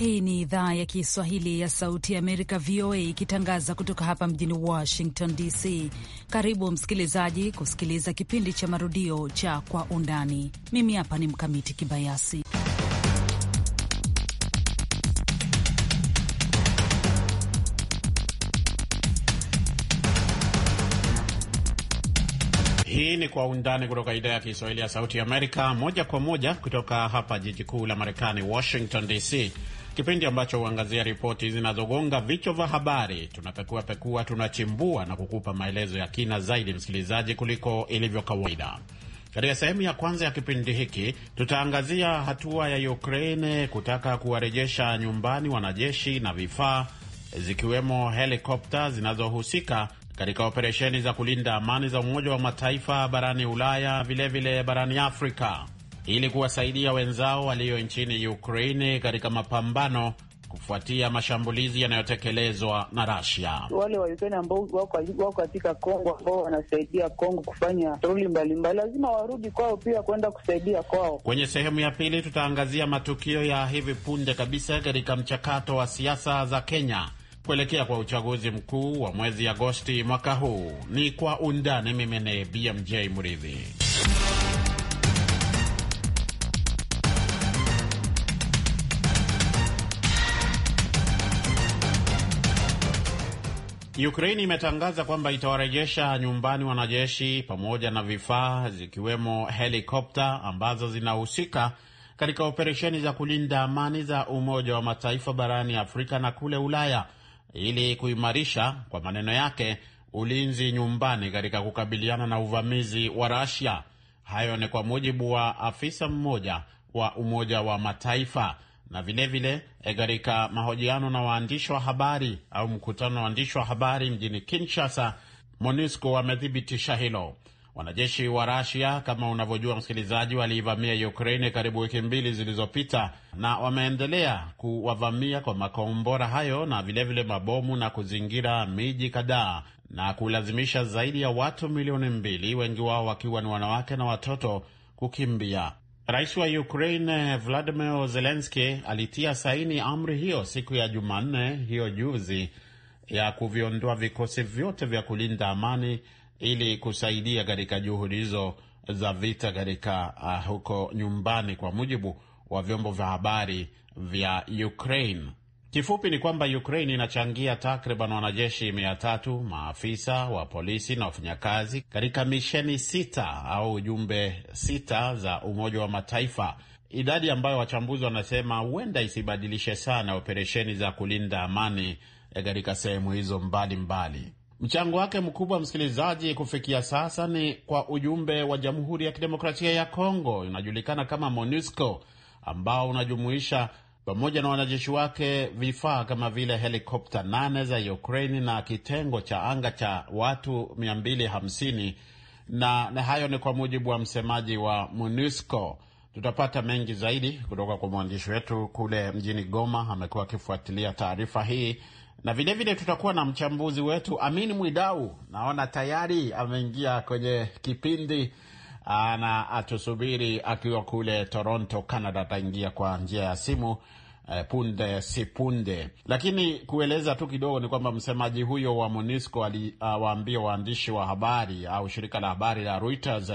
Hii ni idhaa ya Kiswahili ya Sauti ya Amerika, VOA, ikitangaza kutoka hapa mjini Washington DC. Karibu msikilizaji kusikiliza kipindi cha marudio cha Kwa Undani. Mimi hapa ni Mkamiti Kibayasi. Hii ni Kwa Undani kutoka idhaa ya Kiswahili ya Sauti ya Amerika, moja kwa moja kutoka hapa jiji kuu la Marekani, Washington DC kipindi ambacho huangazia ripoti zinazogonga vichwa vya habari. Tunapekua pekua, tunachimbua na kukupa maelezo ya kina zaidi, msikilizaji, kuliko ilivyo kawaida. Katika sehemu ya kwanza ya kipindi hiki tutaangazia hatua ya Ukraine kutaka kuwarejesha nyumbani wanajeshi na vifaa zikiwemo helikopta zinazohusika katika operesheni za kulinda amani za Umoja wa Mataifa barani Ulaya, vilevile vile barani Afrika ili kuwasaidia wenzao walio nchini Ukraini katika mapambano kufuatia mashambulizi yanayotekelezwa na Rasia. Wale wa Ukraine ambao wako katika Kongo, ambao wanasaidia Kongo kufanya shughuli mbalimbali, lazima warudi kwao pia kwenda kusaidia kwao. Kwenye sehemu ya pili, tutaangazia matukio ya hivi punde kabisa katika mchakato wa siasa za Kenya kuelekea kwa uchaguzi mkuu wa mwezi Agosti mwaka huu. Ni kwa undani. Mimi ni BMJ Muridhi. Ukraini imetangaza kwamba itawarejesha nyumbani wanajeshi pamoja na vifaa zikiwemo helikopta ambazo zinahusika katika operesheni za kulinda amani za Umoja wa Mataifa barani Afrika na kule Ulaya ili kuimarisha, kwa maneno yake, ulinzi nyumbani katika kukabiliana na uvamizi wa Russia. Hayo ni kwa mujibu wa afisa mmoja wa Umoja wa Mataifa na vilevile eh, katika mahojiano na waandishi wa habari au mkutano wa waandishi wa habari mjini Kinshasa, MONUSCO wamethibitisha hilo. Wanajeshi wa Rasia, kama unavyojua msikilizaji, waliivamia Ukraini karibu wiki mbili zilizopita, na wameendelea kuwavamia kwa makombora hayo na vilevile vile mabomu na kuzingira miji kadhaa na kulazimisha zaidi ya watu milioni mbili, wengi wao wakiwa ni wanawake na watoto kukimbia. Rais wa Ukraine Vladimir Zelenski alitia saini amri hiyo siku ya Jumanne hiyo juzi ya kuviondoa vikosi vyote vya kulinda amani ili kusaidia katika juhudi hizo za vita katika uh, huko nyumbani, kwa mujibu wa vyombo vya habari vya Ukraine. Kifupi ni kwamba Ukraine inachangia takriban wanajeshi mia tatu, maafisa wa polisi na wafanyakazi katika misheni sita au jumbe sita za Umoja wa Mataifa, idadi ambayo wachambuzi wanasema huenda isibadilishe sana operesheni za kulinda amani eh, katika sehemu hizo mbalimbali. Mchango wake mkubwa, msikilizaji, kufikia sasa ni kwa ujumbe wa Jamhuri ya Kidemokrasia ya Kongo, inajulikana kama MONUSCO, ambao unajumuisha pamoja na wanajeshi wake vifaa kama vile helikopta nane za Ukraini na kitengo cha anga cha watu 250 na, na hayo ni kwa mujibu wa msemaji wa MONUSCO. Tutapata mengi zaidi kutoka kwa mwandishi wetu kule mjini Goma, amekuwa akifuatilia taarifa hii na vilevile vile tutakuwa na mchambuzi wetu Amin Mwidau, naona tayari ameingia kwenye kipindi na atusubiri akiwa kule Toronto, Canada. Ataingia kwa njia ya simu eh, punde si punde. Lakini kueleza tu kidogo ni kwamba msemaji huyo wa MONUSCO aliwaambia waandishi wa habari au shirika la habari la Reuters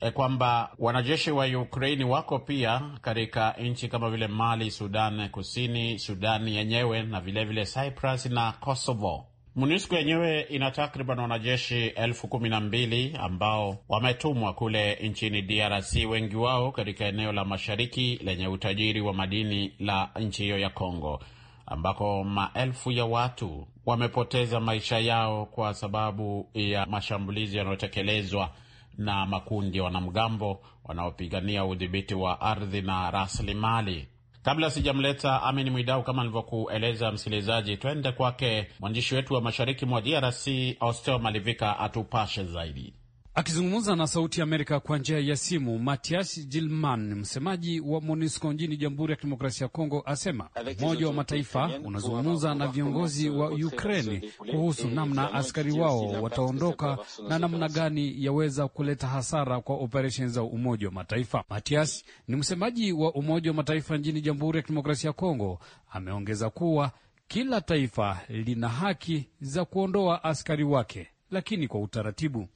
eh, kwamba wanajeshi wa Ukraini wako pia katika nchi kama vile Mali, Sudan Kusini, Sudani yenyewe na vilevile vile Cyprus na Kosovo. MONUSCO yenyewe ina takriban wanajeshi elfu kumi na mbili ambao wametumwa kule nchini DRC, wengi wao katika eneo la mashariki lenye utajiri wa madini la nchi hiyo ya congo ambako maelfu ya watu wamepoteza maisha yao kwa sababu ya mashambulizi yanayotekelezwa na makundi ya wanamgambo wanaopigania udhibiti wa ardhi na rasilimali. Kabla sijamleta Amin Mwidau, kama alivyokueleza msikilizaji, twende kwake mwandishi wetu wa mashariki mwa DRC Austel Malivika atupashe zaidi. Akizungumza na Sauti ya Amerika kwa njia ya simu, Matias Gilman, msemaji wa MONUSCO nchini Jamhuri ya Kidemokrasia ya Kongo, asema Umoja wa Mataifa unazungumza na viongozi wa Ukraini kuhusu namna askari wao wataondoka na namna gani yaweza kuleta hasara kwa operesheni za Umoja wa Mataifa. Matias ni msemaji wa Umoja wa Mataifa nchini Jamhuri ya Kidemokrasia ya Kongo. Ameongeza kuwa kila taifa lina haki za kuondoa askari wake lakini kwa utaratibu.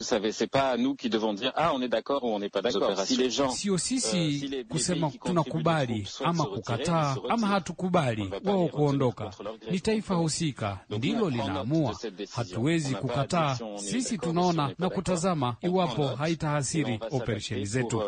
Ah, Sio sisi euh, kusema tunakubali ama kukataa ama hatukubali, wao kuondoka. Ni taifa husika ndilo linaamua, hatuwezi kukataa. Sisi tunaona na kutazama iwapo haitahasiri operesheni zetu.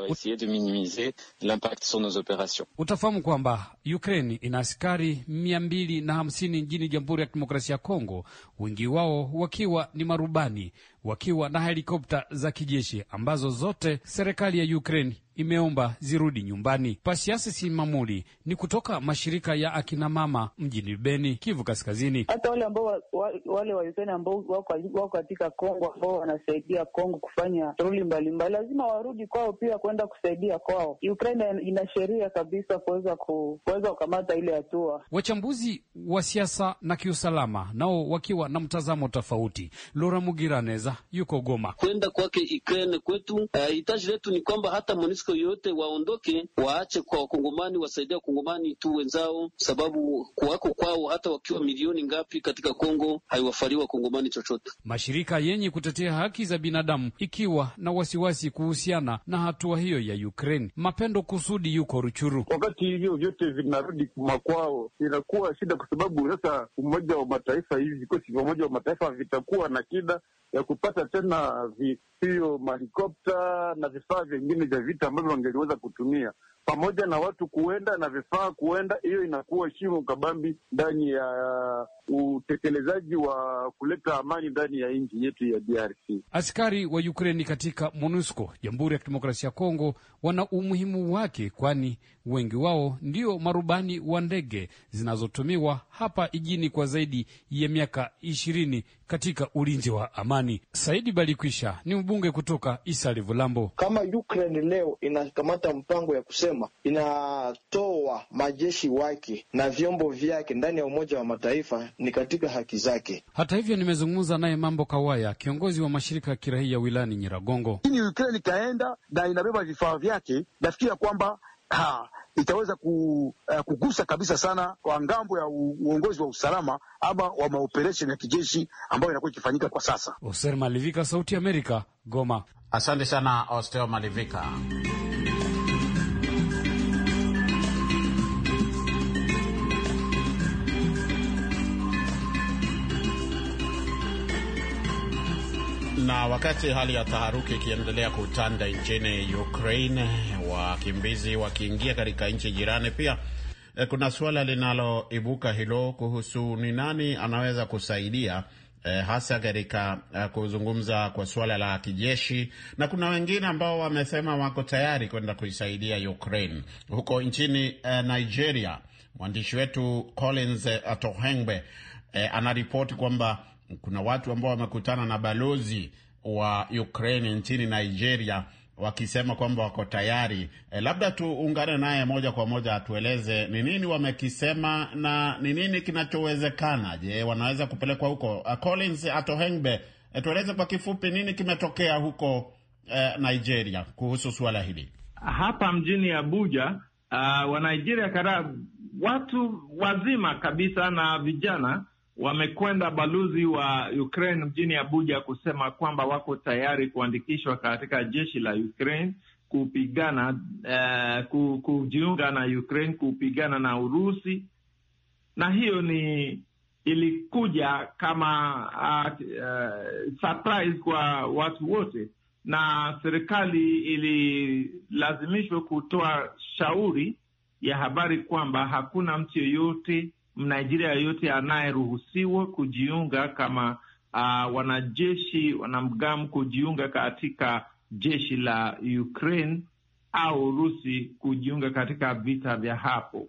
Utafahamu kwamba Ukraine ina askari mia mbili na hamsini nchini Jamhuri ya Kidemokrasia ya Kongo, wengi wao wakiwa ni marubani Marekani wakiwa na helikopta za kijeshi ambazo zote serikali ya Ukraine imeomba zirudi nyumbani. Pasiasi Simamuli ni kutoka mashirika ya akinamama mjini Beni, Kivu Kaskazini. Hata wale ambao wa, wa, wale Ukraine ambao wako katika Kongo ambao wanasaidia Kongo kufanya shughuli mbalimbali, lazima warudi kwao pia kwenda kusaidia kwao. Ukraine ina sheria kabisa kuweza kuweza kukamata ile hatua. Wachambuzi wa siasa na kiusalama nao wakiwa na mtazamo tofauti. Lora Mugiraneza yuko Goma. Kwenda kwake Ukraine kwetu, uh, hitaji letu ni kwamba hata MONUSCO MONUSCO yote waondoke, waache kwa wakongomani, wasaidia wakongomani tu wenzao, sababu kuwako kwao hata wakiwa milioni ngapi katika Kongo haiwafarii wakongomani chochote. Mashirika yenye kutetea haki za binadamu ikiwa na wasiwasi kuhusiana na hatua hiyo ya Ukraine. Mapendo Kusudi yuko Ruchuru. Wakati hivyo vyote vinarudi makwao, inakuwa shida kwa sababu sasa Umoja wa Mataifa hivi vikosi vya Umoja wa Mataifa vitakuwa na kida ya kupata tena hiyo mahikopta na vifaa vingine vya vita ambavyo wangeliweza kutumia pamoja na watu kuenda na vifaa kuenda, hiyo inakuwa shimo kabambi ndani ya utekelezaji wa kuleta amani ndani ya nchi yetu ya DRC. Askari wa Ukraini katika MONUSCO Jamhuri ya Kidemokrasia ya Kongo wana umuhimu wake, kwani wengi wao ndio marubani wa ndege zinazotumiwa hapa ijini kwa zaidi ya miaka ishirini katika ulinzi wa amani. Saidi Balikwisha ni mbunge kutoka Isari Vulambo. Kama Ukraine leo inakamata mpango ya kusema inatoa majeshi wake na vyombo vyake ndani ya Umoja wa Mataifa, ni katika haki zake. Hata hivyo, nimezungumza naye Mambo Kawaya, kiongozi wa mashirika ya kiraia wilani Nyiragongo. Ini Ukraine ikaenda na inabeba vifaa vyake, nafikira kwamba ha itaweza ku, uh, kugusa kabisa sana kwa ngambo ya uongozi wa usalama ama wa maoperesheni ya kijeshi ambayo inakuwa ikifanyika kwa sasa. Oster Malivika, Sauti Amerika, Goma. Asante sana Oster Malivika. Na wakati hali ya taharuki ikiendelea kutanda nchini Ukraine, wakimbizi wakiingia katika nchi jirani, pia eh, kuna suala linaloibuka hilo kuhusu ni nani anaweza kusaidia e, hasa katika e, kuzungumza kwa suala la kijeshi, na kuna wengine ambao wamesema wako tayari kwenda kuisaidia Ukraine. Huko nchini e, Nigeria, mwandishi wetu Collins eh, Atohengbe e, anaripoti kwamba kuna watu ambao wamekutana na balozi wa Ukraine nchini Nigeria wakisema kwamba wako tayari e, labda tuungane naye moja kwa moja atueleze ni nini wamekisema na ni nini kinachowezekana. Je, wanaweza kupelekwa huko? Eh, Collins Atohengbe, e, tueleze kwa kifupi nini kimetokea huko e, Nigeria kuhusu suala hili. Hapa mjini Abuja, uh, wa Nigeria kadhaa, watu wazima kabisa na vijana wamekwenda balozi wa Ukraine mjini Abuja kusema kwamba wako tayari kuandikishwa katika jeshi la Ukraine kupigana uh, kujiunga na Ukraine kupigana na Urusi, na hiyo ni ilikuja kama uh, uh, surprise kwa watu wote, na serikali ililazimishwa kutoa shauri ya habari kwamba hakuna mtu yoyote Mnigeria yoyote anayeruhusiwa kujiunga kama uh, wanajeshi wanamgamu kujiunga katika jeshi la Ukraine au Urusi kujiunga katika vita vya hapo.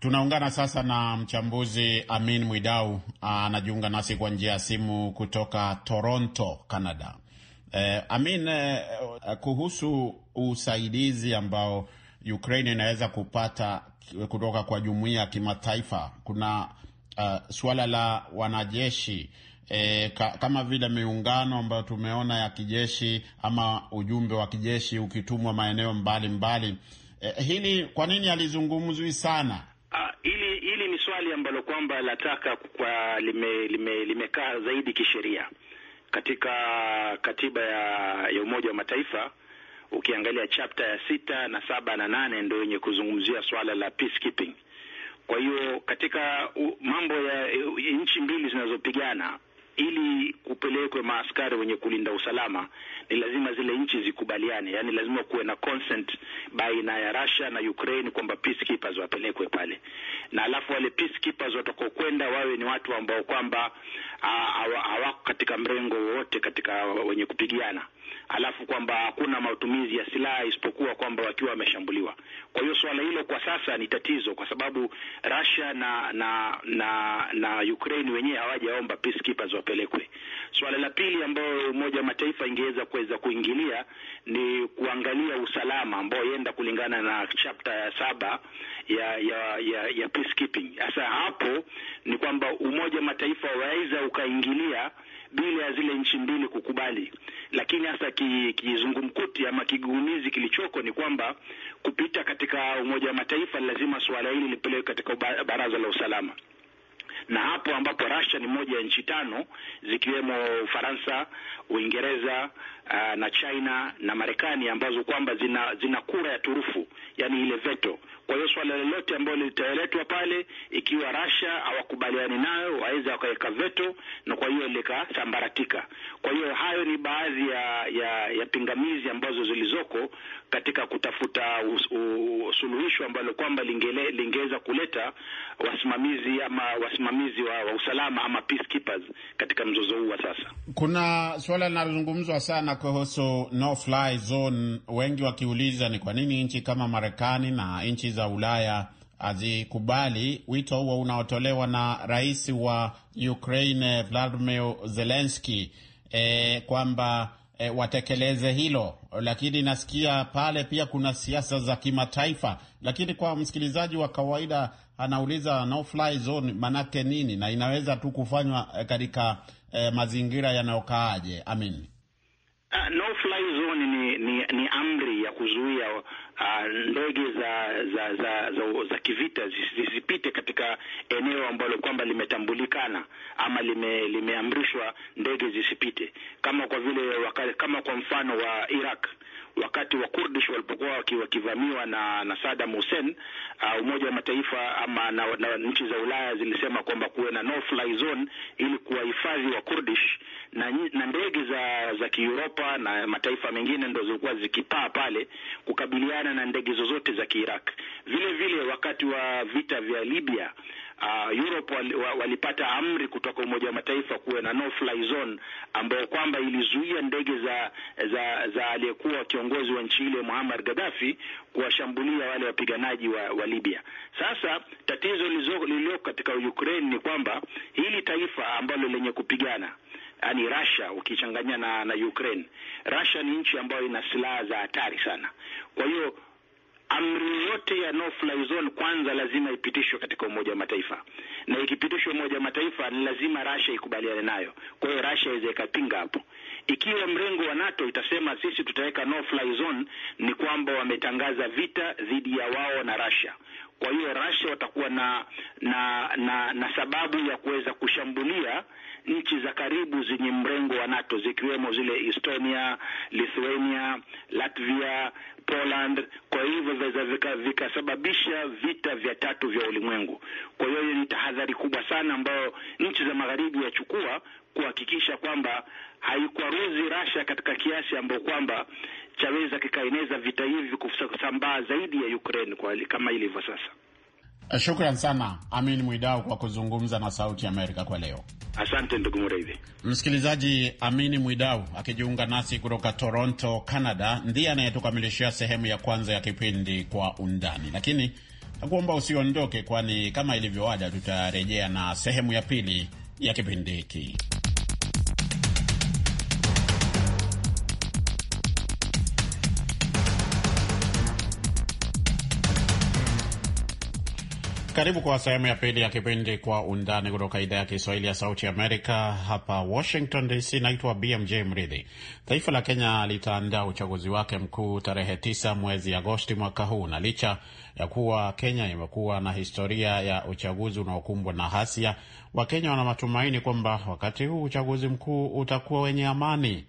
Tunaungana sasa na mchambuzi Amin Mwidau, ah, anajiunga nasi kwa njia ya simu kutoka Toronto, Canada. Uh, Amin, uh, kuhusu usaidizi ambao Ukraine inaweza kupata Eh, kutoka kwa jumuiya ya kimataifa. Kuna uh, suala la wanajeshi E, ka, kama vile miungano ambayo tumeona ya kijeshi ama ujumbe wa kijeshi ukitumwa maeneo mbalimbali mbali. E, hili kwa nini alizungumzwi sana? Ah, hili ni swali ambalo kwamba lataka kwa limekaa lime, lime zaidi kisheria katika katiba ya, ya Umoja wa Mataifa ukiangalia chapter ya sita na saba na nane ndio yenye kuzungumzia swala la peacekeeping. Kwa hiyo katika mambo ya e, nchi mbili zinazopigana ili kupelekwe maaskari wenye kulinda usalama ni lazima zile nchi zikubaliane, yani lazima kuwe na consent baina ya Russia na Ukraine kwamba peacekeepers wapelekwe pale, na alafu wale peacekeepers kwenda wawe ni watu ambao kwamba hawako katika mrengo wowote katika wenye kupigana alafu kwamba hakuna matumizi ya silaha isipokuwa kwamba wakiwa wameshambuliwa. Kwa hiyo suala hilo kwa sasa ni tatizo, kwa sababu Russia na na na na Ukraine wenyewe hawajaomba peacekeepers wapelekwe. Suala la pili ambayo Umoja wa Mataifa ingeweza kuweza kuingilia ni kuangalia usalama ambao yenda kulingana na chapter ya saba ya ya ya, ya peacekeeping. Sasa hapo ni kwamba Umoja wa Mataifa waweza ukaingilia bila ya zile nchi mbili kukubali. Lakini hasa kizungumkuti ki ama kigumizi kilichoko ni kwamba kupita katika Umoja wa Mataifa lazima suala hili lipelekwe katika Baraza la Usalama na hapo ambapo Russia ni moja ya nchi tano zikiwemo Ufaransa, Uingereza, uh, na China na Marekani ambazo kwamba zina, zina kura ya turufu, yani ile veto. Kwa hiyo swala lolote ambalo litaletwa pale, ikiwa Russia hawakubaliani nayo, waweza wakaweka veto, na kwa hiyo likasambaratika. Kwa hiyo hayo ni baadhi ya, ya, ya pingamizi ambazo zilizoko katika kutafuta suluhisho ambalo kwamba lingeweza kuleta wasimamizi ama wasimamizi wa, wa usalama ama peacekeepers katika mzozo huu wa sasa. Kuna swala linalozungumzwa sana kuhusu no fly zone, wengi wakiuliza ni kwa nini nchi kama Marekani na nchi za Ulaya hazikubali wito huo unaotolewa na rais wa Ukraine Vladimir Zelensky e, kwamba e, watekeleze hilo. Lakini nasikia pale pia kuna siasa za kimataifa, lakini kwa msikilizaji wa kawaida anauliza no fly zone manake nini, na inaweza tu kufanywa e, katika e, mazingira yanayokaaje? Amin. Uh, ah, no fly zone ni, ni, ni amri ya kuzuia uh, ndege za za, za za za kivita zisipite katika eneo ambalo kwamba limetambulikana ama lime, limeamrishwa ndege zisipite, kama kwa vile wakale, kama kwa mfano wa Iraq wakati wa Kurdish walipokuwa wakivamiwa na, na Saddam Hussein uh, Umoja wa Mataifa ama na, na nchi za Ulaya zilisema kwamba kuwe na no fly zone ili kuwahifadhi wa Kurdish na, na ndege za za Kiuropa na mataifa mengine ndo zilikuwa zikipaa pale kukabiliana na ndege zozote za Kiiraq. Vile vile wakati wa vita vya Libya uh, Europe wal, walipata amri kutoka Umoja wa Mataifa kuwe na no fly zone ambayo kwamba ilizuia ndege za za, za aliyekuwa kiongozi wa nchi ile Muammar Gaddafi kuwashambulia wale wapiganaji wa, wa Libya. Sasa tatizo lililoko katika Ukraine ni kwamba hili taifa ambalo lenye kupigana yaani Russia ukichanganya na, na Ukraine. Russia ni nchi ambayo ina silaha za hatari sana, kwa hiyo amri yote ya no fly zone kwanza lazima ipitishwe katika Umoja wa Mataifa, na ikipitishwa Umoja wa Mataifa ni lazima Russia ikubaliane nayo. Kwa hiyo Russia iweze ikapinga hapo. Ikiwa mrengo wa NATO itasema sisi tutaweka no fly zone, ni kwamba wametangaza vita dhidi ya wao na Russia. Kwa hiyo Russia watakuwa na na na, na sababu ya kuweza kushambulia nchi za karibu zenye mrengo wa NATO zikiwemo zile Estonia, Lithuania, Latvia, Poland. Kwa hivyo vinaweza vikasababisha vita vya tatu vya ulimwengu. Kwa hiyo hiyo ni tahadhari kubwa sana ambayo nchi za magharibi yachukua kuhakikisha kwamba haikwaruzi Russia katika kiasi ambayo kwamba chaweza kikaeneza vita hivi kusambaa zaidi ya Ukraine kwa kama ilivyo sasa. Eh, shukran sana Amin Mwidau kwa kuzungumza na Sauti Amerika kwa leo. Asante ndugu Muraidhi. Msikilizaji, Amini Mwidau akijiunga nasi kutoka Toronto, Canada, ndiye anayetukamilishia sehemu ya kwanza ya kipindi Kwa Undani, lakini nakuomba usiondoke, kwani kama ilivyo ada tutarejea na sehemu ya pili ya kipindi hiki. Karibu kwa sehemu ya pili ya kipindi Kwa Undani kutoka idhaa ya Kiswahili ya Sauti Amerika hapa Washington DC. Naitwa BMJ Mridhi. Taifa la Kenya litaandaa uchaguzi wake mkuu tarehe 9 mwezi Agosti mwaka huu, na licha ya kuwa Kenya imekuwa na historia ya uchaguzi unaokumbwa na hasia, Wakenya wana matumaini kwamba wakati huu uchaguzi mkuu utakuwa wenye amani.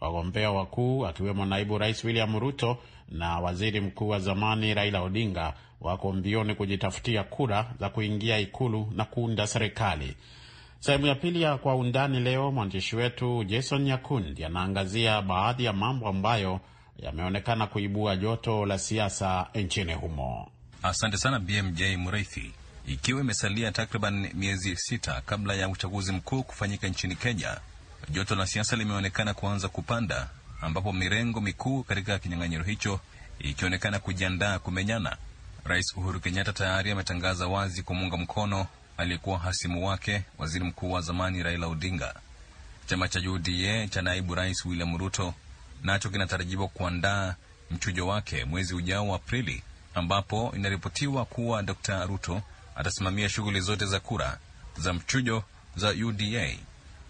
Wagombea wakuu akiwemo naibu rais William Ruto na waziri mkuu wa zamani Raila Odinga wako mbioni kujitafutia kura za kuingia ikulu na kuunda serikali. Sehemu ya pili ya Kwa Undani leo, mwandishi wetu Jason Nyakundi anaangazia baadhi ya mambo ambayo yameonekana kuibua joto la siasa nchini humo. Asante sana BMJ Mreithi. Ikiwa imesalia takriban miezi sita kabla ya uchaguzi mkuu kufanyika nchini Kenya, joto la siasa limeonekana kuanza kupanda, ambapo mirengo mikuu katika kinyang'anyiro hicho ikionekana kujiandaa kumenyana. Rais Uhuru Kenyatta tayari ametangaza wazi kumuunga mkono aliyekuwa hasimu wake, waziri mkuu wa zamani Raila Odinga. Chama cha UDA cha naibu rais William Ruto nacho kinatarajiwa kuandaa mchujo wake mwezi ujao wa Aprili, ambapo inaripotiwa kuwa Dr Ruto atasimamia shughuli zote za kura za mchujo za UDA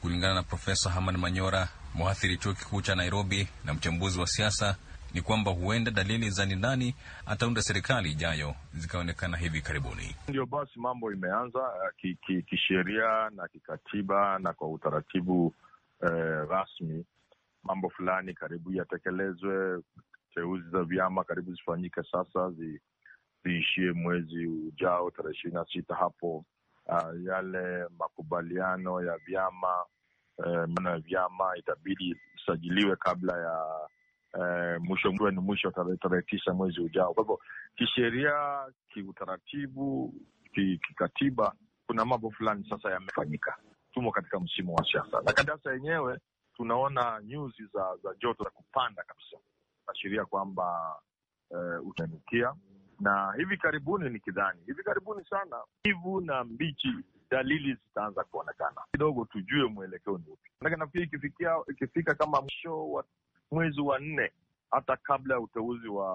kulingana na Profesa Haman Manyora, mwathiri chuo kikuu cha Nairobi na mchambuzi wa siasa, ni kwamba huenda dalili za ni nani ataunda serikali ijayo zikaonekana hivi karibuni. Ndio basi mambo imeanza eh, kisheria na kikatiba na kwa utaratibu eh, rasmi, mambo fulani karibu yatekelezwe. Teuzi za vyama karibu zifanyike sasa, zi, ziishie mwezi ujao tarehe ishirini na sita hapo. Uh, yale makubaliano ya vyama eh, maana vyama itabidi isajiliwe kabla ya eh, mwisho ni mwisho tarehe tarehe tisa mwezi ujao. Kwa hivyo kisheria, kiutaratibu, kikatiba, kuna mambo fulani sasa yamefanyika. Tumo katika msimu wa siasa na kandasa yenyewe tunaona nyuzi za za joto za kupanda kabisa, ashiria kwamba eh, utanukia na hivi karibuni, ni kidhani hivi karibuni sana, ivu na mbichi dalili zitaanza kuonekana kidogo, tujue mwelekeo ni upi. Manake nafikiri ikifikia ikifika kama mwisho wa mwezi wa nne, hata kabla ya uteuzi wa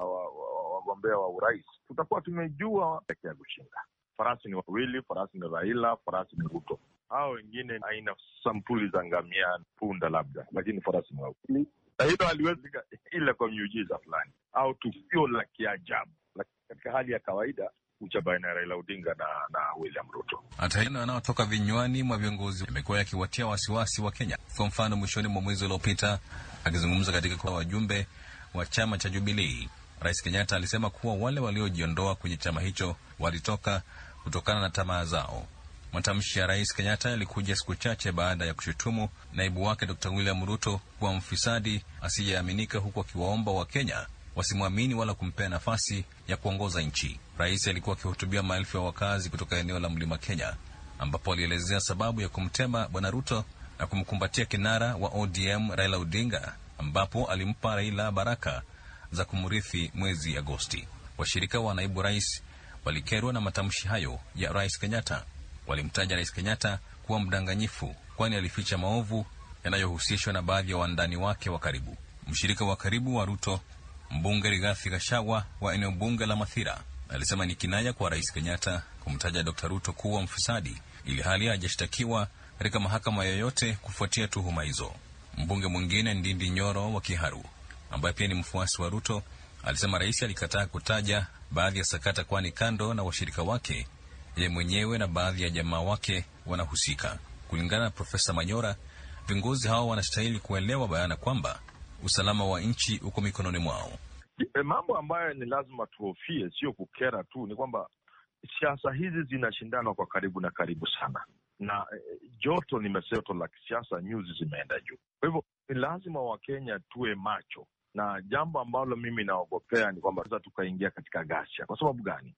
wagombea wa, wa, wa urais, tutakuwa tumejua ya kushinda. Farasi ni wawili, farasi ni Raila, farasi ni Ruto. Hao wengine aina sampuli za ngamia, punda labda, lakini farasi ni wawili na hilo aliwezika ila kwa miujiza fulani au tukio la kiajabu, lakini katika hali ya kawaida kucha baina ya Raila Odinga na, na William Ruto. Hata hilo yanayotoka vinywani mwa viongozi yamekuwa yakiwatia wasiwasi wa Kenya. Kwa mfano, mwishoni mwa mwezi uliopita, akizungumza katika kwa wajumbe wa chama cha Jubilii, Rais Kenyatta alisema kuwa wale waliojiondoa kwenye chama hicho walitoka kutokana na tamaa zao. Matamshi ya Rais Kenyatta yalikuja siku chache baada ya kushutumu naibu wake Dr William Ruto kuwa mfisadi asiyeaminika, huku akiwaomba Wakenya wasimwamini wala kumpea nafasi ya kuongoza nchi. Rais alikuwa akihutubia maelfu ya wakazi kutoka eneo la mlima Kenya, ambapo alielezea sababu ya kumtema bwana Ruto na kumkumbatia kinara wa ODM Raila Odinga, ambapo alimpa Raila baraka za kumrithi mwezi Agosti. Washirika wa naibu rais walikerwa na matamshi hayo ya rais Kenyatta. Walimtaja rais Kenyatta kuwa mdanganyifu, kwani alificha maovu yanayohusishwa na baadhi ya wandani wake wa karibu. Mshirika wa karibu wa Ruto Mbunge Rigathi Gachagua wa eneo bunge la Mathira alisema ni kinaya kwa Rais Kenyatta kumtaja Dr. Ruto kuwa mfisadi ili hali hajashtakiwa katika mahakama yoyote kufuatia tuhuma hizo. Mbunge mwingine Ndindi Nyoro wa Kiharu ambaye pia ni mfuasi wa Ruto alisema rais alikataa kutaja baadhi ya sakata, kwani kando na washirika wake yeye mwenyewe na baadhi ya jamaa wake wanahusika. Kulingana na Profesa Manyora, viongozi hao wanastahili kuelewa bayana kwamba usalama wa nchi uko mikononi mwao. E, mambo ambayo ni lazima tuhofie, sio kukera tu, ni kwamba siasa hizi zinashindana kwa karibu na karibu sana, na e, joto nimeseto la kisiasa, nyuzi zimeenda juu. Kwa hivyo ni lazima Wakenya tuwe macho, na jambo ambalo mimi naogopea ni kwamba tukaingia katika ghasia. Kwa sababu gani?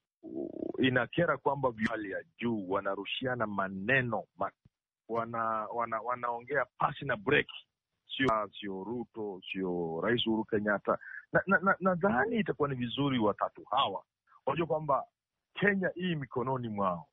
Inakera kwamba hali ya juu wanarushiana maneno, wana, wana, wanaongea pasi na breki sio ah, sio Ruto, sio Rais Uhuru Kenyatta. Nadhani na, na, na itakuwa ni vizuri watatu hawa wajua kwamba Kenya hii mikononi mwao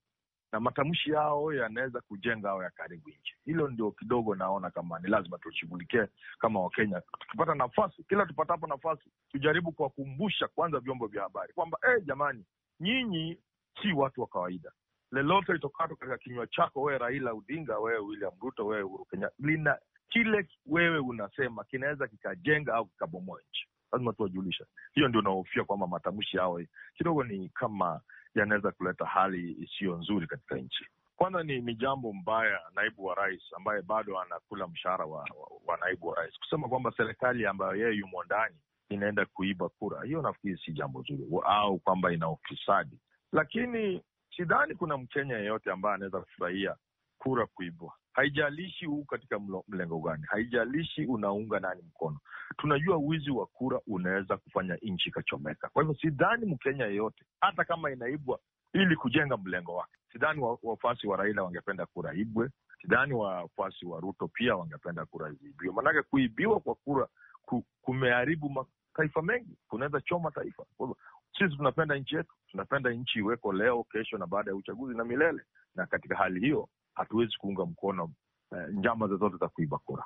na matamshi yao yanaweza kujenga au karibu nchi. Hilo ndio kidogo naona kama ni lazima tushughulikie kama Wakenya, tukipata nafasi, kila tupatapo nafasi, tujaribu kuwakumbusha kwanza vyombo vya habari kwamba hey, eh, jamani, nyinyi si watu wa kawaida. Lolote litokato katika kinywa chako wewe Raila Odinga, wewe William Ruto, wewe Uhuru Kenyatta, lina kile wewe unasema kinaweza kikajenga au kikabomoa nchi. Lazima tuwajulisha hiyo, ndio unahofia kwamba matamshi yao kidogo ni kama yanaweza kuleta hali isiyo nzuri katika nchi. Kwanza ni, ni jambo mbaya naibu wa rais ambaye bado anakula mshahara wa, wa, wa naibu wa rais kusema kwamba serikali ambayo yeye yumo ndani inaenda kuiba kura, hiyo nafikiri si jambo zuri, au kwamba ina ufisadi. Lakini sidhani kuna Mkenya yeyote ambaye anaweza kufurahia kura kuibwa haijalishi huu katika mlengo gani, haijalishi unaunga nani mkono. Tunajua wizi wa kura unaweza kufanya nchi ikachomeka. Kwa hivyo sidhani Mkenya yeyote, hata kama inaibwa ili kujenga mlengo wake, sidhani wafuasi wa Raila wangependa kura ibwe. Sidhani wafuasi wa Ruto pia wangependa kura ziibiwe, maanake kuibiwa kwa kura ku, kumeharibu mataifa mengi, kunaweza choma taifa. Kwa hivyo sisi tunapenda nchi yetu, tunapenda nchi iweko leo, kesho na baada ya uchaguzi na milele, na katika hali hiyo hatuwezi kuunga mkono eh, njama zozote za kuiba kura.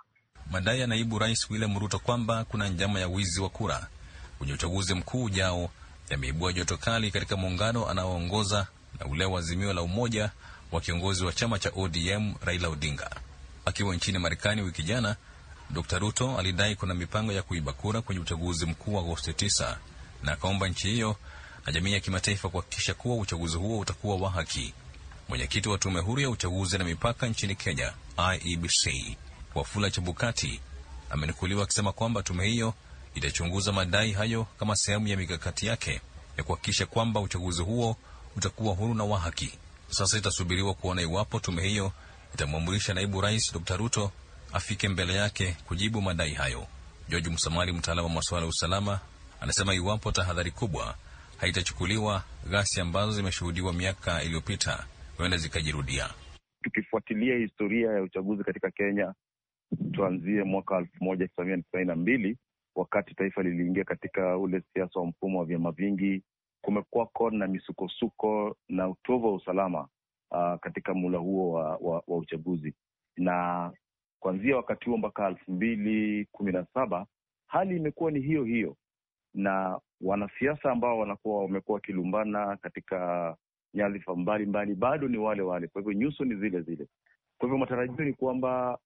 Madai ya naibu rais William Ruto kwamba kuna njama ya wizi wa kura kwenye uchaguzi mkuu ujao yameibua joto kali katika muungano anaoongoza na ule wa Azimio la Umoja wa kiongozi wa chama cha ODM Raila Odinga. Akiwa nchini Marekani wiki jana, Dr Ruto alidai kuna mipango ya kuiba kura kwenye uchaguzi mkuu wa Agosti 9 na akaomba nchi hiyo na jamii ya kimataifa kuhakikisha kuwa uchaguzi huo utakuwa wa haki. Mwenyekiti wa Tume Huru ya Uchaguzi na Mipaka nchini Kenya, IEBC, Wafula Chebukati amenukuliwa akisema kwamba tume hiyo itachunguza madai hayo kama sehemu ya mikakati yake ya kuhakikisha kwamba uchaguzi huo utakuwa huru na wa haki. Sasa itasubiriwa kuona iwapo tume hiyo itamwamurisha naibu rais Dr Ruto afike mbele yake kujibu madai hayo. George Msamali, mtaalamu wa masuala ya usalama, anasema iwapo tahadhari kubwa haitachukuliwa, ghasia ambazo zimeshuhudiwa miaka iliyopita huenda zikajirudia. Tukifuatilia historia ya uchaguzi katika Kenya, tuanzie mwaka elfu moja tisa mia tisaini na mbili wakati taifa liliingia katika ule siasa wa mfumo wa vyama vingi, kumekuwako na misukosuko na utovu wa usalama uh, katika mula huo wa, wa, wa uchaguzi na kuanzia wakati huo mpaka elfu mbili kumi na saba hali imekuwa ni hiyo hiyo, na wanasiasa ambao wanakuwa wamekuwa wakilumbana katika nyadhifa mbalimbali bado ni wale wale, kwa hivyo nyuso ni zile zile. Kwa hivyo matarajio ni kwamba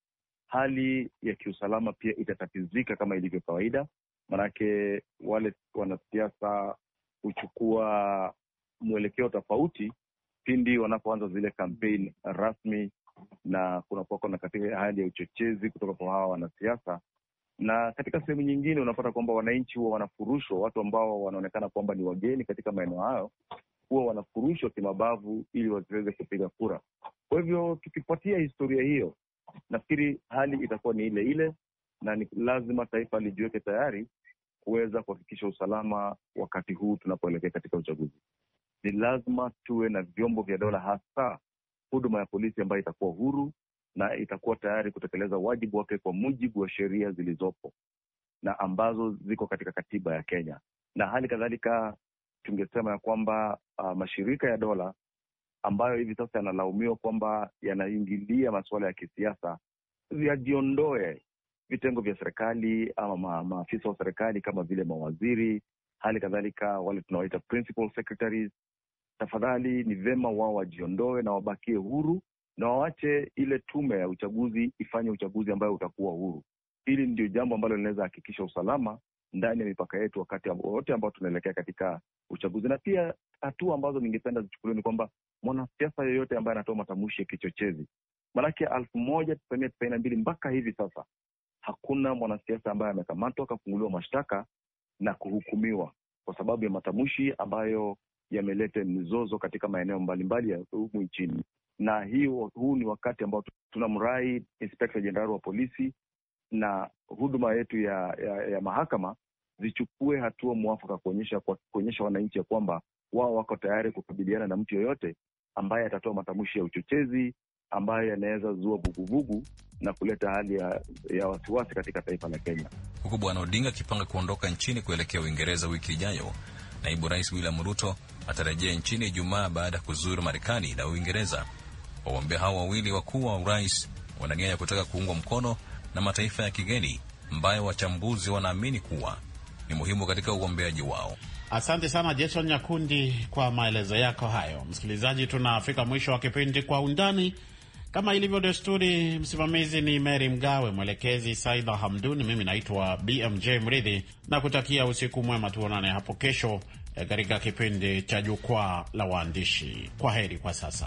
hali ya kiusalama pia itatatizika kama ilivyo kawaida, maanake wale wanasiasa huchukua mwelekeo tofauti pindi wanapoanza zile kampeni rasmi, na kunakuwako na katika hali ya uchochezi kutoka kwa hawa wanasiasa, na katika sehemu nyingine unapata kwamba wananchi huwa wanafurushwa, watu ambao wanaonekana kwamba ni wageni katika maeneo hayo huwa wanafurushwa kimabavu ili wasiweze kupiga kura. Kwa hivyo tukifuatia historia hiyo, nafikiri hali itakuwa ni ile ile, na ni lazima taifa lijiweke tayari kuweza kuhakikisha usalama wakati huu tunapoelekea katika uchaguzi. Ni lazima tuwe na vyombo vya dola, hasa huduma ya polisi ambayo itakuwa huru na itakuwa tayari kutekeleza wajibu wake kwa mujibu wa sheria zilizopo na ambazo ziko katika katiba ya Kenya, na hali kadhalika tungesema ya kwamba uh, mashirika ya dola ambayo hivi sasa yanalaumiwa kwamba yanaingilia masuala ya kisiasa yajiondoe vitengo vya serikali ama maafisa wa serikali kama vile mawaziri, hali kadhalika wale tunawaita principal secretaries. Tafadhali ni vema wao wajiondoe na wabakie huru na wawache ile tume ya uchaguzi ifanye uchaguzi ambayo utakuwa huru. Hili ndio jambo ambalo linaweza hakikisha usalama ndani ya mipaka yetu wakati wote ambao tunaelekea katika uchaguzi. Na pia hatua ambazo ningependa zichukuliwe ni kwamba mwanasiasa yoyote ambaye anatoa matamshi ya kichochezi, maanake elfu moja tisa mia tisaini na mbili mpaka hivi sasa hakuna mwanasiasa ambaye amekamatwa akafunguliwa mashtaka na kuhukumiwa kwa sababu ya matamshi ambayo yameleta mizozo katika maeneo mbalimbali ya humu nchini. Na hii, huu ni wakati ambao tunamrai Inspekta Jenerali wa polisi na huduma yetu ya, ya, ya mahakama zichukue hatua mwafaka kuonyesha kwa, kuonyesha wananchi ya kwamba wao wako tayari kukabiliana na mtu yoyote ambaye atatoa matamshi ya uchochezi ambayo yanaweza zua vuguvugu na kuleta hali ya, ya wasiwasi katika taifa la Kenya. Huku Bwana Odinga akipanga kuondoka nchini kuelekea Uingereza wiki ijayo, naibu rais William Ruto atarejea nchini Ijumaa baada ya kuzuru Marekani na Uingereza. Wagombea hao wawili wakuu wa urais wana nia ya kutaka kuungwa mkono na mataifa ya kigeni ambayo wachambuzi wanaamini kuwa ni muhimu katika ugombeaji wao. Asante sana Jason Nyakundi kwa maelezo yako hayo. Msikilizaji, tunafika mwisho wa kipindi Kwa Undani. Kama ilivyo desturi, msimamizi ni Mary Mgawe, mwelekezi Saida Hamduni, mimi naitwa BMJ Mridhi na kutakia usiku mwema. Tuonane hapo kesho eh, katika kipindi cha Jukwaa la Waandishi. Kwa heri kwa sasa.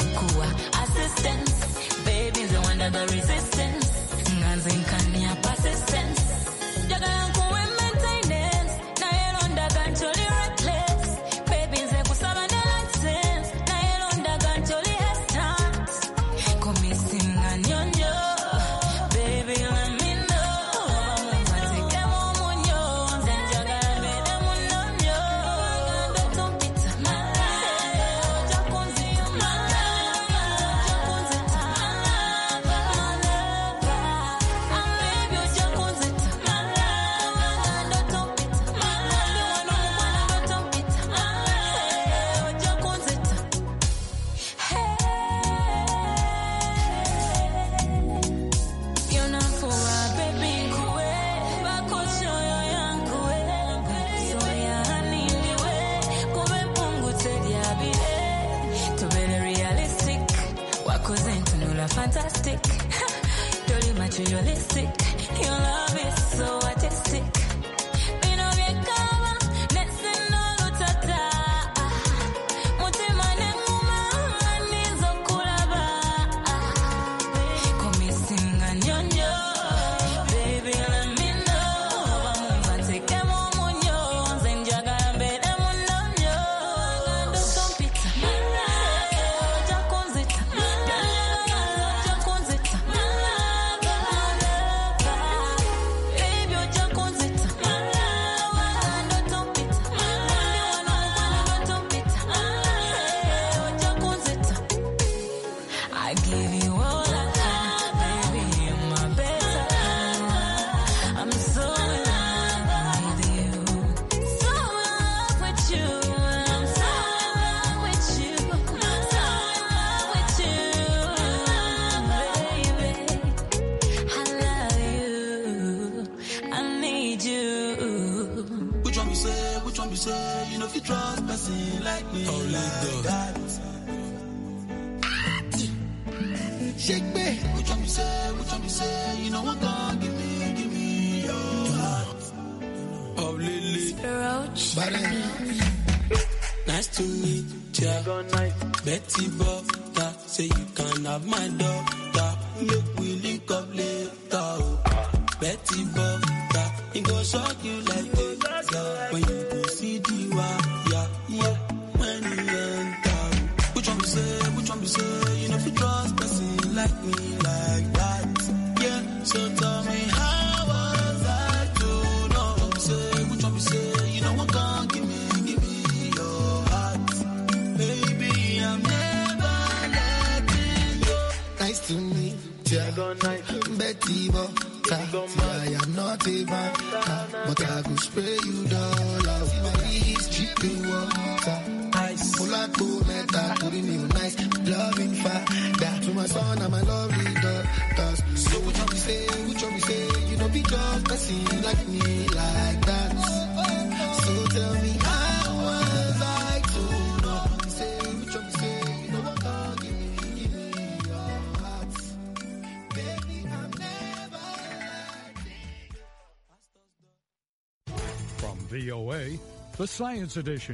assistance baby the that the resistance nganze nkania persistence petty butter. Say you can have my daughter. Make we link up later. Petty oh. butter. It go shock you like this. When you go see the wire, yeah, yeah. When you enter. Which one be say, which one be say, you know if you trust person like me like that. Betty see I am not a banker, but I go spray you down. Please drip you water. Pull out to meta, put in you nice, loving father. To my son and my lovely daughters. So what you say, what you say, you know be just a scene like me, like that. So tell me how. KOA, the Science Edition.